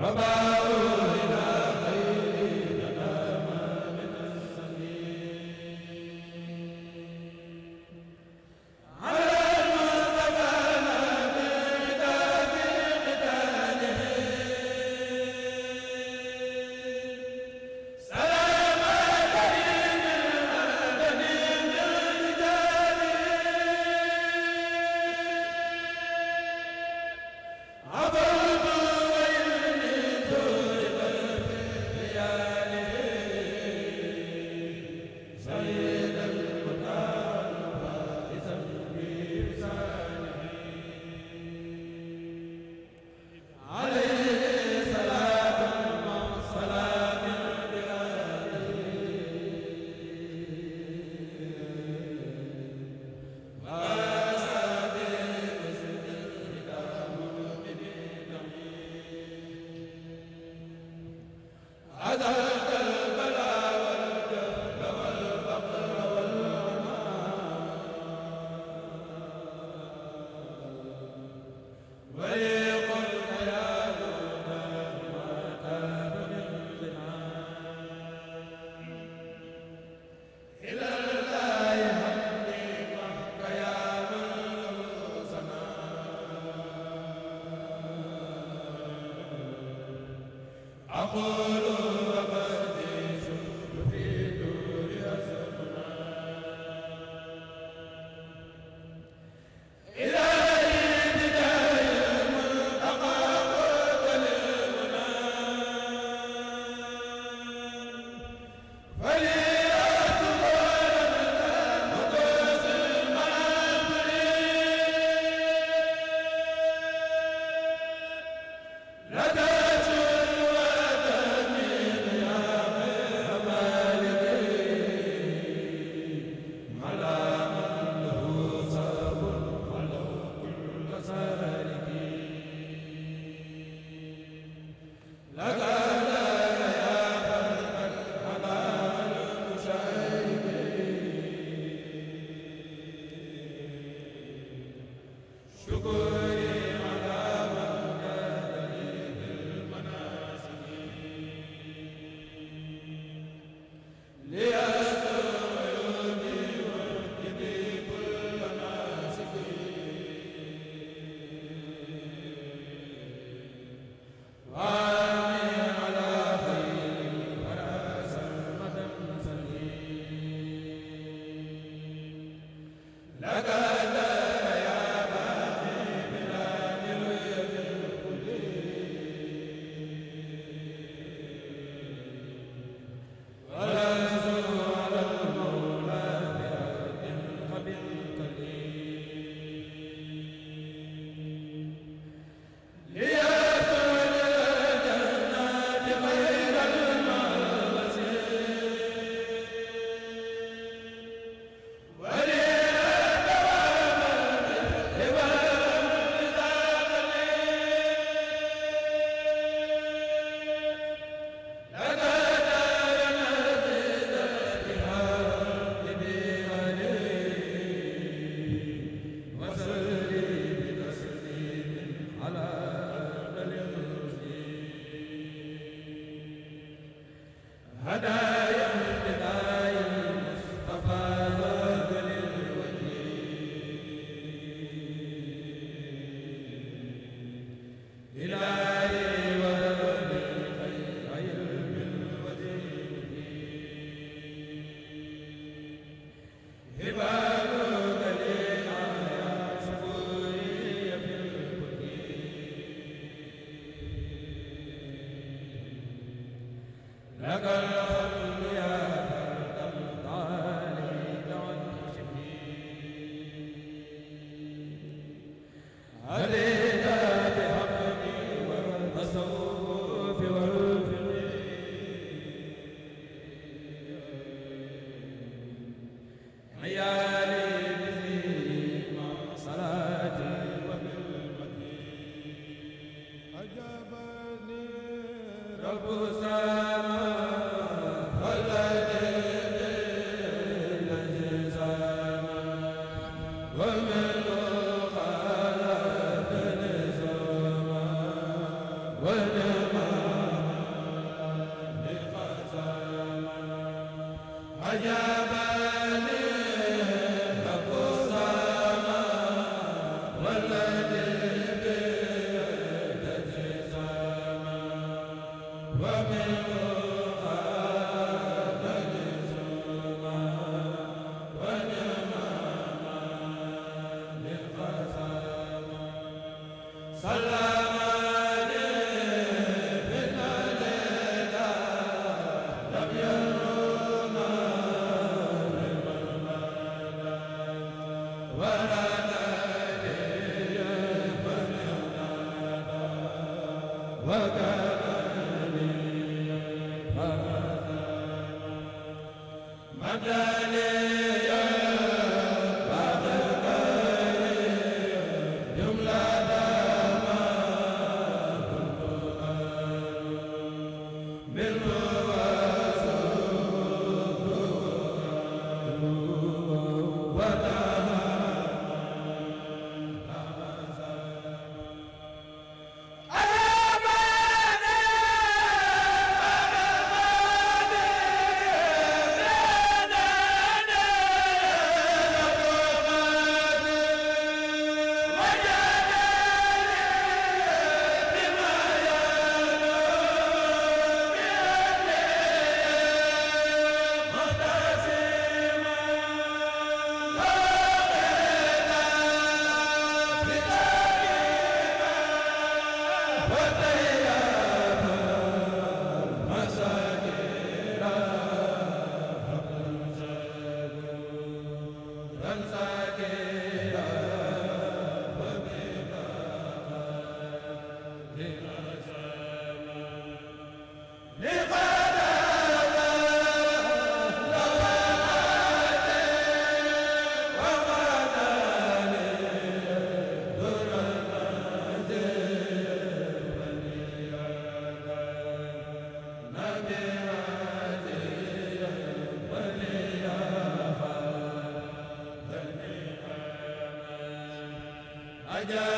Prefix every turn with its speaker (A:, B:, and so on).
A: Baba Rabbu sa yaa